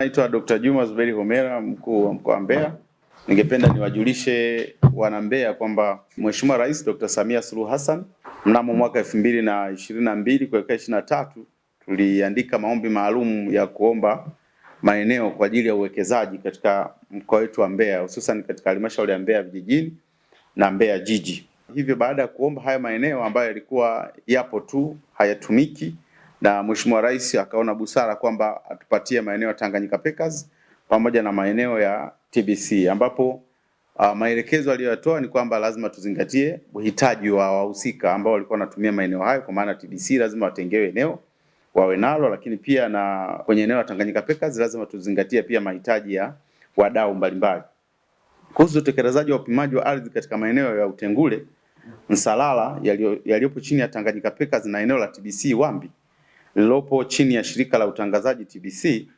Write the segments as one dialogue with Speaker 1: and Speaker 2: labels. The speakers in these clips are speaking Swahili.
Speaker 1: Naitwa Dr. Juma Zuberi Homera, mkuu wa mkoa wa Mbeya. Ningependa niwajulishe wana Mbeya kwamba Mheshimiwa Rais Dr. Samia Suluhu Hassan mnamo mwaka elfu mbili na ishirini na mbili kuelekea ishirini na tatu tuliandika maombi maalum ya kuomba maeneo kwa ajili ya uwekezaji katika mkoa wetu wa Mbeya, hususan katika halmashauri ya Mbeya vijijini na Mbeya jiji. Hivyo baada ya kuomba haya maeneo ambayo yalikuwa yapo tu hayatumiki na Mheshimiwa Rais akaona busara kwamba atupatie maeneo ya Tanganyika Packers pamoja na maeneo ya TBC ambapo uh, maelekezo aliyoyatoa ni kwamba lazima tuzingatie uhitaji wa wahusika ambao walikuwa wanatumia maeneo hayo, kwa maana TBC lazima watengewe eneo wawe nalo, lakini pia na kwenye eneo la Tanganyika Packers lazima tuzingatie pia mahitaji ya wadau mbalimbali kuhusu utekelezaji wa upimaji wa ardhi katika maeneo ya Utengule, Msalala yaliyopo chini ya Tanganyika Packers na eneo la TBC Wambi lililopo chini ya shirika la utangazaji TBC.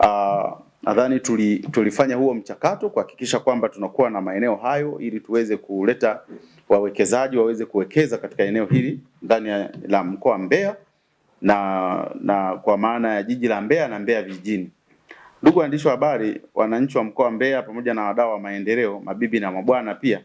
Speaker 1: Uh, ah, nadhani tuli, tulifanya huo mchakato kuhakikisha kwamba tunakuwa na maeneo hayo ili tuweze kuleta wawekezaji waweze kuwekeza katika eneo hili ndani la mkoa Mbeya na, na kwa maana ya jiji la Mbeya na Mbeya vijijini. Ndugu waandishi wa habari, wananchi wa mkoa Mbeya pamoja na wadau wa maendeleo, mabibi na mabwana, pia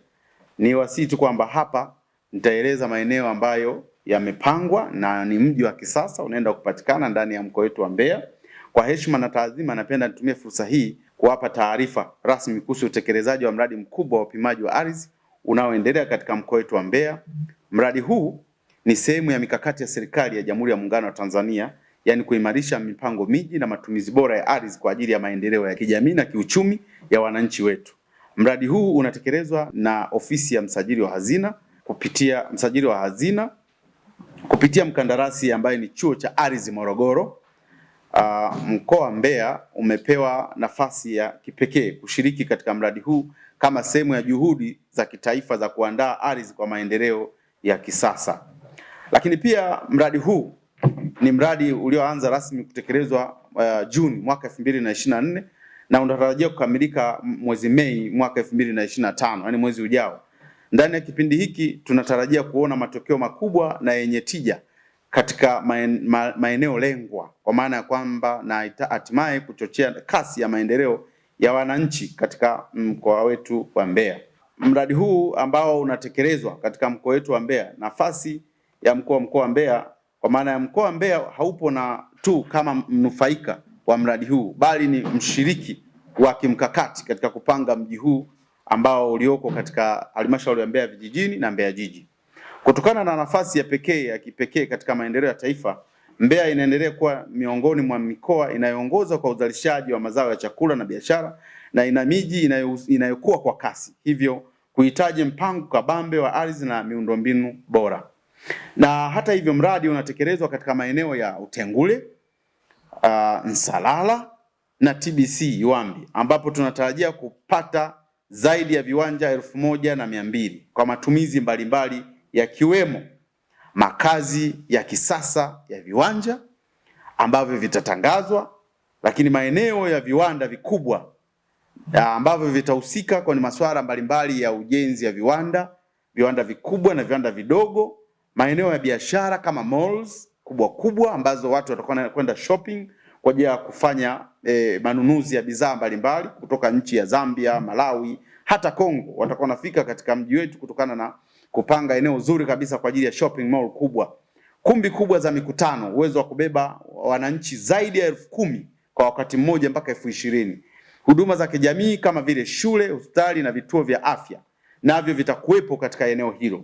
Speaker 1: ni wasitu kwamba hapa nitaeleza maeneo ambayo yamepangwa na ni mji wa kisasa unaenda kupatikana ndani ya mkoa wetu wa Mbeya. Kwa heshima na taadhima, napenda nitumie fursa hii kuwapa taarifa rasmi kuhusu utekelezaji wa mradi mkubwa wa upimaji wa ardhi unaoendelea katika mkoa wetu wa Mbeya. Mradi huu ni sehemu ya mikakati ya serikali ya Jamhuri ya Muungano wa Tanzania, yani kuimarisha mipango miji na matumizi bora ya ardhi kwa ajili ya maendeleo ya kijamii na kiuchumi ya wananchi wetu. Mradi huu unatekelezwa na ofisi ya msajili wa hazina kupitia msajili wa hazina kupitia mkandarasi ambaye ni chuo cha ardhi Morogoro. Uh, mkoa Mbeya umepewa nafasi ya kipekee kushiriki katika mradi huu kama sehemu ya juhudi za kitaifa za kuandaa ardhi kwa maendeleo ya kisasa. Lakini pia mradi huu ni mradi ulioanza rasmi kutekelezwa uh, Juni mwaka 2024 na unatarajiwa kukamilika mwezi Mei mwaka 2025, yani mwezi ujao. Ndani ya kipindi hiki tunatarajia kuona matokeo makubwa na yenye tija katika maeneo lengwa, kwa maana ya kwamba na hatimaye kuchochea kasi ya maendeleo ya wananchi katika mkoa wetu wa Mbeya. Mradi huu ambao unatekelezwa katika mkoa wetu wa Mbeya, nafasi ya mkuu wa mkoa wa Mbeya, kwa maana ya mkoa wa Mbeya haupo na tu kama mnufaika wa mradi huu, bali ni mshiriki wa kimkakati katika kupanga mji huu ambao ulioko katika halmashauri ya Mbeya vijijini na Mbeya jiji. Kutokana na nafasi ya pekee ya kipekee katika maendeleo ya taifa, Mbeya inaendelea kuwa miongoni mwa mikoa inayoongoza kwa uzalishaji wa mazao ya chakula na biashara na ina miji inayokuwa kwa kasi, hivyo kuhitaji mpango kabambe wa ardhi na miundombinu bora. Na hata hivyo mradi unatekelezwa katika maeneo ya Utengule, uh, Nsalala na TBC Iwambi ambapo tunatarajia kupata zaidi ya viwanja elfu moja na mia mbili kwa matumizi mbalimbali yakiwemo makazi ya kisasa ya viwanja ambavyo vitatangazwa, lakini maeneo ya viwanda vikubwa ambavyo vitahusika kwenye masuala mbalimbali ya ujenzi ya viwanda, viwanda vikubwa na viwanda vidogo, maeneo ya biashara kama malls kubwa kubwa ambazo watu watakwenda shopping kwa ajili ya kufanya e, manunuzi ya bidhaa mbalimbali kutoka nchi ya Zambia, Malawi, hata Kongo. Watakuwa wanafika katika mji wetu kutokana na kupanga eneo zuri kabisa kwa ajili ya shopping mall kubwa, kumbi kubwa za mikutano, uwezo wa kubeba wananchi zaidi ya elfu kumi kwa wakati mmoja mpaka elfu ishirini. Huduma za kijamii kama vile shule, hospitali na vituo vya afya navyo vitakuwepo katika eneo hilo.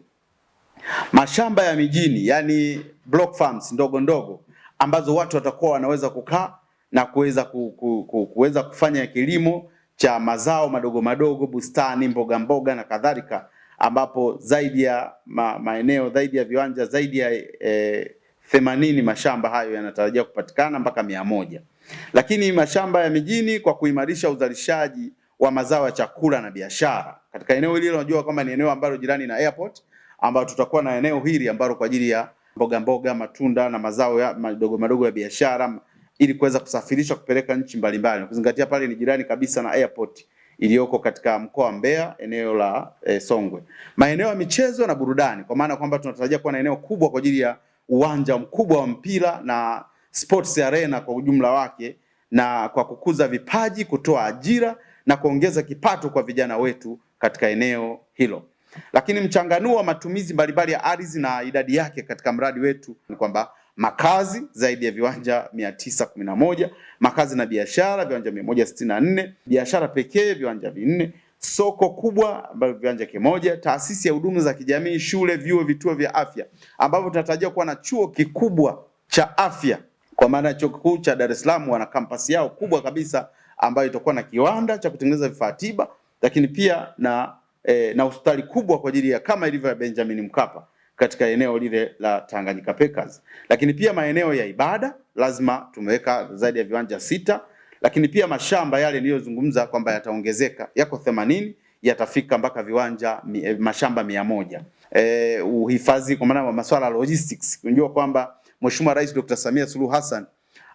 Speaker 1: Mashamba ya mijini, yani block farms ndogo ndogo ambazo watu watakuwa wanaweza kukaa na kuweza kuweza kufanya kilimo cha mazao madogo madogo, bustani, mboga mboga na kadhalika, ambapo zaidi ya ma, maeneo zaidi ya viwanja zaidi ya e, themanini mashamba hayo yanatarajia kupatikana mpaka mia moja lakini mashamba ya mijini kwa kuimarisha uzalishaji wa mazao ya chakula na biashara katika eneo hili. Unajua kwamba ni eneo ambalo jirani na airport, ambayo tutakuwa na eneo hili ambalo kwa ajili ya mboga mboga, matunda na mazao ya madogo madogo ya biashara ili kuweza kusafirisha kupeleka nchi mbalimbali, kuzingatia pale ni jirani kabisa na airport iliyoko katika mkoa wa Mbeya eneo la e, Songwe. Maeneo ya michezo na burudani, kwa maana kwamba tunatarajia kuwa na eneo kubwa kwa ajili ya uwanja mkubwa wa mpira na sports arena kwa ujumla wake, na kwa kukuza vipaji, kutoa ajira na kuongeza kipato kwa vijana wetu katika eneo hilo. Lakini mchanganuo wa matumizi mbalimbali ya ardhi na idadi yake katika mradi wetu ni kwamba makazi zaidi ya viwanja 911, makazi na biashara viwanja 164, biashara pekee viwanja vinne, soko kubwa ambalo viwanja kimoja, taasisi ya huduma za kijamii, shule, vyuo, vituo vya afya, ambavyo tunatarajia kuwa na chuo kikubwa cha afya kwa maana ya chuo kikuu cha Dar es Salaam wana kampasi yao kubwa kabisa ambayo itakuwa na kiwanda cha kutengeneza vifaa tiba, lakini pia na e, na hospitali kubwa kwa ajili ya kama ilivyo ya Benjamin Mkapa katika eneo lile la Tanganyika Packers, lakini pia maeneo ya ibada lazima tumeweka zaidi ya viwanja sita, lakini pia mashamba yale niliyozungumza kwamba yataongezeka yako themanini yatafika mpaka viwanja eh, mashamba mia moja. E, uhifadhi kwa maana masuala logistics, unajua kwamba Mheshimiwa Rais Dr. Samia Suluhu Hassan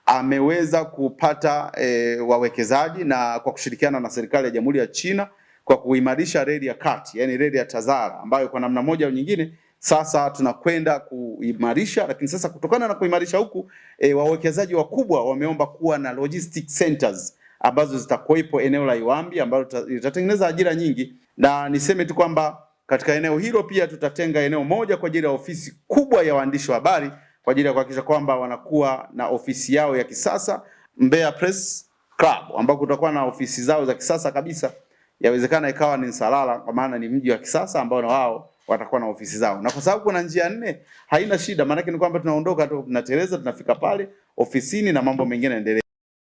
Speaker 1: ameweza kupata e, wawekezaji na kwa kushirikiana na serikali ya Jamhuri ya China kwa kuimarisha reli ya kati, yani reli ya Tazara ambayo kwa namna moja au nyingine sasa tunakwenda kuimarisha, lakini sasa kutokana na kuimarisha huku e, wawekezaji wakubwa wameomba kuwa na logistic centers ambazo zitakuwepo eneo la Iwambi ambalo litatengeneza ajira nyingi, na niseme tu kwamba katika eneo hilo pia tutatenga eneo moja kwa ajili ya ofisi kubwa ya waandishi wa habari kwa ajili ya kuhakikisha kwamba wanakuwa na ofisi yao ya kisasa Mbeya Press Club, ambako kutakuwa na ofisi zao za kisasa kabisa yawezekana ikawa ni Nsalala kwa maana ni mji wa kisasa ambao na wao watakuwa na ofisi zao, na kwa sababu kuna njia nne haina shida, maanake ni kwamba tunaondoka tu tunateleza tunafika pale ofisini na mambo mengine yanaendelea.